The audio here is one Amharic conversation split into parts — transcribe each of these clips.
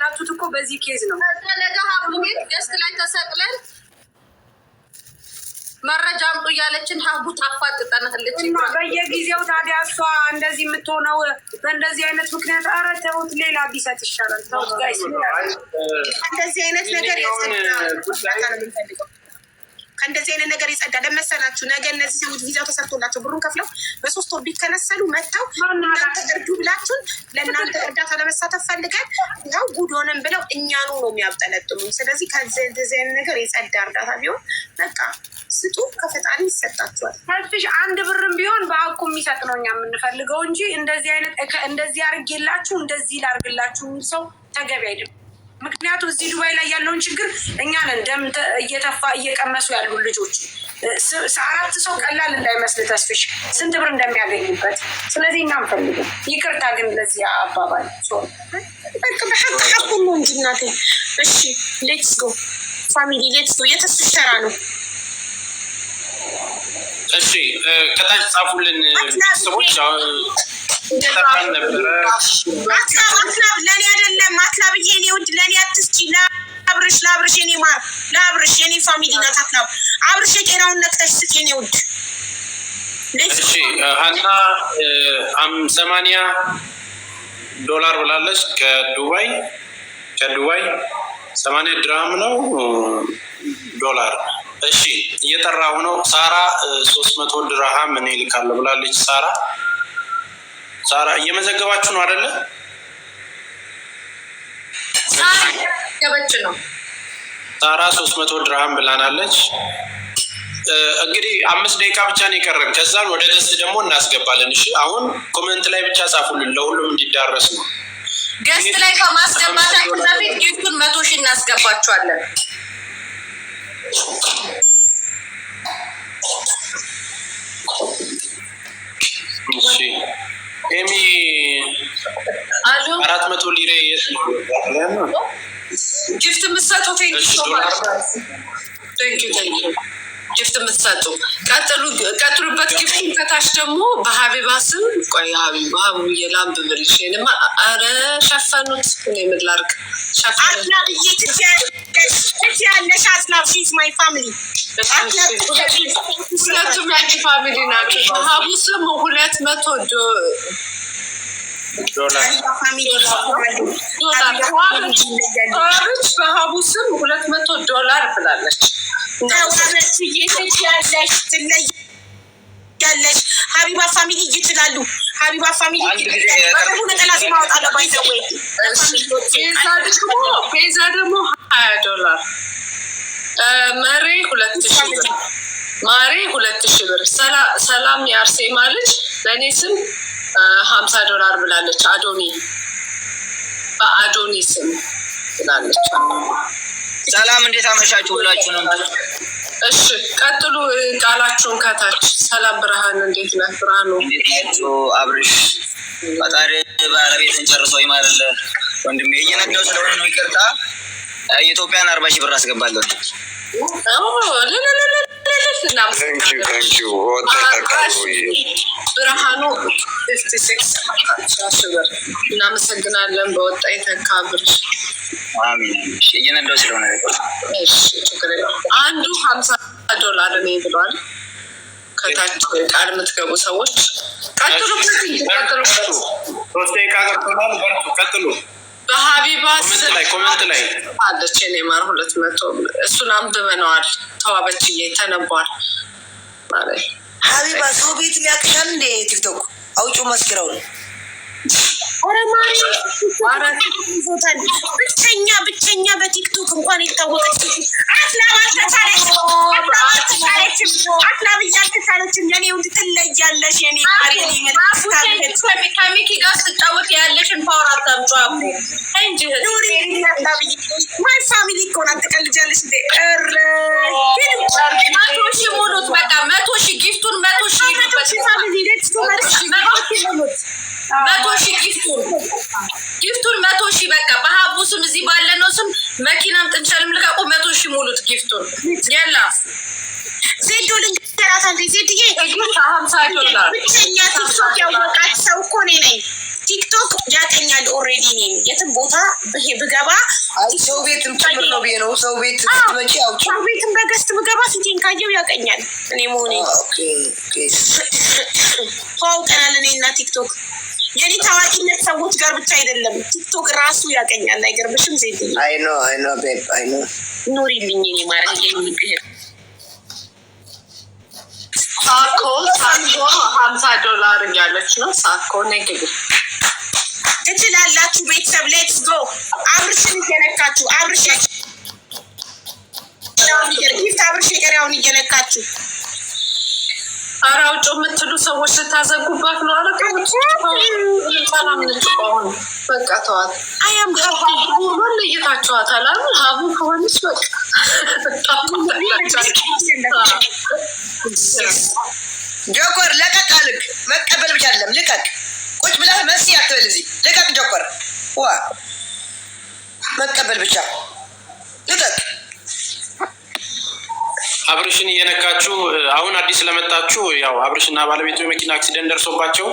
የተላቱት እኮ በዚህ ኬዝ ነው። ነገ ሀቡ ግን ደስት ላይ ተሰቅለን መረጃ አምጡ እያለችን ሀቡ ታፋጥጠናለች። እና በየጊዜው ታዲያ እሷ እንደዚህ የምትሆነው በእንደዚህ አይነት ምክንያት፣ ኧረ ተውት፣ ሌላ ቢሰጥ ይሻላል። ተውት ጋይስ፣ እንደዚህ አይነት ነገር ጉዳይ ከእንደዚህ አይነት ነገር ይጸዳ ለመሰላችሁ ነገ እነዚህ ሰዎች ቪዛው ተሰርቶላቸው ብሩን ከፍለው በሶስት ወር ቢከነሰሉ መጥተው እናንተ እርዱ ብላችሁን ለእናንተ እርዳታ ለመሳተፍ ፈልገን ያው ጉድ ሆነን ብለው እኛኑ ነው የሚያብጠለጥሙ ስለዚህ ከዚህ አይነት ነገር የጸዳ እርዳታ ቢሆን በቃ ስጡ፣ ከፈጣሪ ይሰጣችኋል። ከፍሽ አንድ ብርም ቢሆን በአቁ የሚሰጥ ነው እኛ የምንፈልገው እንጂ እንደዚህ አይነት እንደዚህ አርጌላችሁ እንደዚህ ላርግላችሁ ሰው ተገቢ አይደለም። ምክንያቱ እዚህ ዱባይ ላይ ያለውን ችግር እኛ ነን ደም እየተፋ እየቀመሱ ያሉ ልጆች። አራት ሰው ቀላል እንዳይመስል ተስፍሽ ስንት ብር እንደሚያገኝበት። ስለዚህ እናንፈልግም። ይቅርታ ግን ለዚህ አባባል በሀቅ ሀቁ ነው እንጂ እናቴ። እሺ ሌትስ ጎ ፋሚሊ ሌትስ ጎ የተስፍ ተራ ነው። እሺ ከታች ጻፉልን ቤተሰቦች ነበረ አትላብ አትላብ፣ አይደለም አትላብዬ፣ እኔ ውድ ለኔ አትስጪ። ለአብርሽ ለአብርሽ፣ የኔ ማር ለአብርሽ፣ የኔ ፋሚሊ ናት። አትላብ አብርሽ፣ የጤናውን ነክተሽ የኔ ውድ። እሺ ሀና ሰማንያ ዶላር ብላለች ከዱባይ ከዱባይ ሰማንያ ድራም ነው ዶላር። እሺ እየጠራሁ ነው። ሳራ ሶስት መቶ ድርሃም እኔ እልካለሁ ብላለች። ሳራ ሳራ እየመዘገባችሁ ነው አይደለ? ገበች ነው። ሳራ ሶስት መቶ ድርሃም ብላናለች። እንግዲህ አምስት ደቂቃ ብቻ ነው የቀረን። ከዛን ወደ ገስ ደግሞ እናስገባለን። እሺ አሁን ኮመንት ላይ ብቻ ጻፉልን፣ ለሁሉም እንዲዳረስ ነው። ገስት ላይ ከማስገባታችሁ በፊት ጊፍቱን መቶ ሺህ እናስገባችኋለን። ኤሚ መቶ ሊሬ የት ነው ጊፍት የምትሰጡ? ጊፍት የምትሰጡ ቀጥሉበት። ጊፍቱን ከታች ደግሞ በሀቢባ ስም ቆይ ሀቢባ ሀቡዬ ላምብ ብልሽ ማ አረ ሸፈኑት ፋሚሊ ናቸው። ሀቡ ስም ሁለት መቶ በሀቡ ስም ሁለት መቶ ዶላር ብላለች። ያለሽ ሀቢባ ፋሚሊ ይችላሉ። ሀቢባ ፋሚሊ ቤዛ ደግሞ ሀያ ዶላር መሬ ሁለት ሺ ብር ማሬ ሁለት ሺ ብር ሰላም የአርሴማ ልጅ ለእኔ ስም ሀምሳ ዶላር ብላለች። አዶኒ በአዶኒ ስም ብላለች። ሰላም እንዴት አመሻችሁ ሁላችሁ ነው። እሺ ቀጥሉ ቃላችሁን ከታች። ሰላም ብርሃን እንዴት ነህ? ብርሃኑ ቱ አብርሽ ፈጣሪ ባለቤትን ጨርሶ ይማርል። ወንድም። እየነዳው ስለሆነ ነው ይቅርታ። የኢትዮጵያን አርባ ሺህ ብር አስገባለሁ። ብርሃኑ እናመሰግናለን። በወጣ የተካ ብር እየነዳሁ ስለሆነ አንዱ ሀምሳ ዶላር እኔ ብሏል። ከታች ቃል የምትገቡ ሰዎች ቀጥሉ። በሀቢባ ኮመንት ላይ አለች የኔማር ሁለት መቶ እሱን አንብበነዋል። ተዋበችዬ ተነቧል። ሀቢባ ሰው ቤት የሚያቅሻል እንዴ? ቲክቶክ አውጪው ማስኪራውን ብቸኛ ብቸኛ በቲክቶክ እንኳን የታወቀች ከሚኪ ጋር ስጫወት ያለሽን ፓወር አታምጪው ማይ ፋሚሊ እኮ ናት። ትቀልጃለሽ። መቶ ሺህ ሙሉት በቃ መቶ ሺህ ጊፍቱን መቶ ሺህ መቶ ሺህ ጊፍቱን ጊፍቱን መቶ ሺህ በቃ በሀቡ ስም እዚህ ባለነው ስም መኪናም ጥንቸልም ልቀቁ። መቶ ሺህ ሙሉት ጊፍቱን የላ ዜዶ ልንገራት አንዴ ዜድዬ ብቸኛ ቲክቶክ ያወቃት ሰው እኮ እኔ ነኝ። ቲክቶክ ያቀኛል ኦልሬዲ ነኝ የትም ቦታ ብሄ ብገባ ሰው ቤትም ጭምር ነው ብሄ ነው ሰው ቤት መጪ ያው ሰው ቤትም በገስት ብገባ ስንቴን ካየው ያቀኛል እኔ መሆኔ ተዋውቀናል እኔ እና ቲክቶክ የኔ ታዋቂነት ሰዎች ጋር ብቻ አይደለም፣ ቲክቶክ ራሱ ያገኛል። አይገርምሽም? ዜድ ኑሪልኝ ኔ ማረግ የሚግህል ሳኮ ሳኮ ሀምሳ ዶላር እያለች ነው። ሳኮ ነግብ ትችላላችሁ። ቤተሰብ ሌትስ ጎ አብርሽን እየነካችሁ አብርሽ ጊፍት አብርሽ የቀሪያውን እየነካችሁ ኧረ አውጪ የምትሉ ሰዎች ልታዘጉባት ነው። በቃ ተዋት። ለይታችኋታል። ሀቡ ከሆነች በቃ ጆኮር ለቀቅ አልክ። መቀበል ብቻ አይደለም ልቀቅ። ቁጭ ብለህ መሲ አትበል እዚህ ልቀቅ። ጆኮር ዋ መቀበል ብቻ ልቀቅ አብርሽን እየነካችሁ አሁን አዲስ ለመጣችሁ ያው አብርሽና ባለቤቱ የመኪና አክሲደንት ደርሶባቸው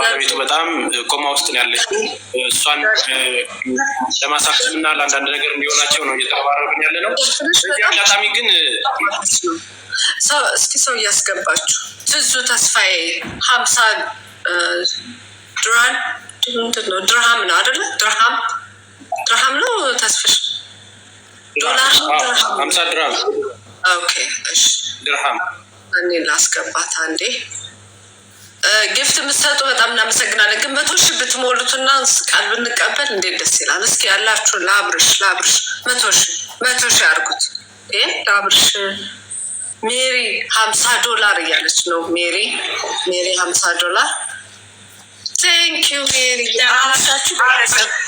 ባለቤቱ በጣም ኮማ ውስጥ ነው ያለችው። እሷን ለማሳከምና ለአንዳንድ ነገር እንዲሆናቸው ነው እየተረባረብን ያለ ነው። በዚህ አጋጣሚ ግን እስኪ ሰው እያስገባችሁ ትዙ ተስፋዬ ሀምሳ ድራን ድርሃም ነው አደለ? ድርሃም ድርሃም ነው ተስፍሽ ዶላር ነው ድርሃም ድርሃም እኔ ላስገባት አንዴ። ጊፍት የምትሰጡ በጣም እናመሰግናለን። ግን መቶ ሺህ ብትሞሉትና ቃል ብንቀበል እንዴት ደስ ይላል። እስኪ ያላችሁ ላብርሽ ላብርሽ መቶ ሺህ መቶ ሺህ አድርጉት። ይህ ሜሪ ሀምሳ ዶላር እያለች ነው። ሜሪ ሜሪ ሀምሳ ዶላር ቴንኪዩ ሜሪ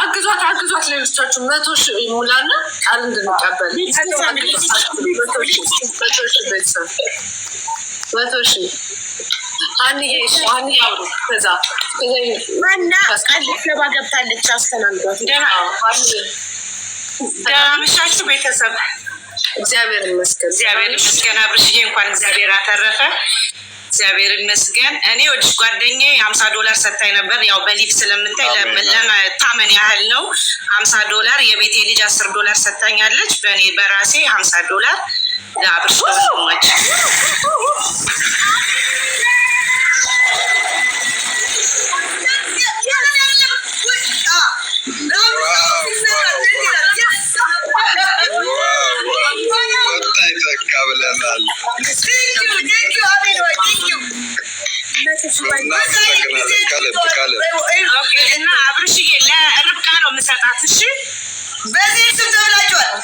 አግዟት አግዟት። ሌሎቻችሁ መቶ ሺህ ሙላና ቃል እንድንቀበል ቤተሰብ መቶ ሺህ ገባ ቤተሰብ። እግዚአብሔር ይመስገን፣ እግዚአብሔር ይመስገን። አብርሽዬ እንኳን እግዚአብሔር አተረፈ። እግዚአብሔር ይመስገን። እኔ ወዲሽ ጓደኛ የሀምሳ ዶላር ሰታኝ ነበር። ያው በሊፍ ስለምታይ ለመታመን ያህል ነው። ሀምሳ ዶላር የቤቴ ልጅ አስር ዶላር ሰታኛለች። በእኔ በራሴ ሀምሳ ዶላር ለአብርሽ ሰማች። እና አብርሽዬ ለርብቃ ነው የምሰጣት። እሺ በዚህ ስም ተብላችኋል።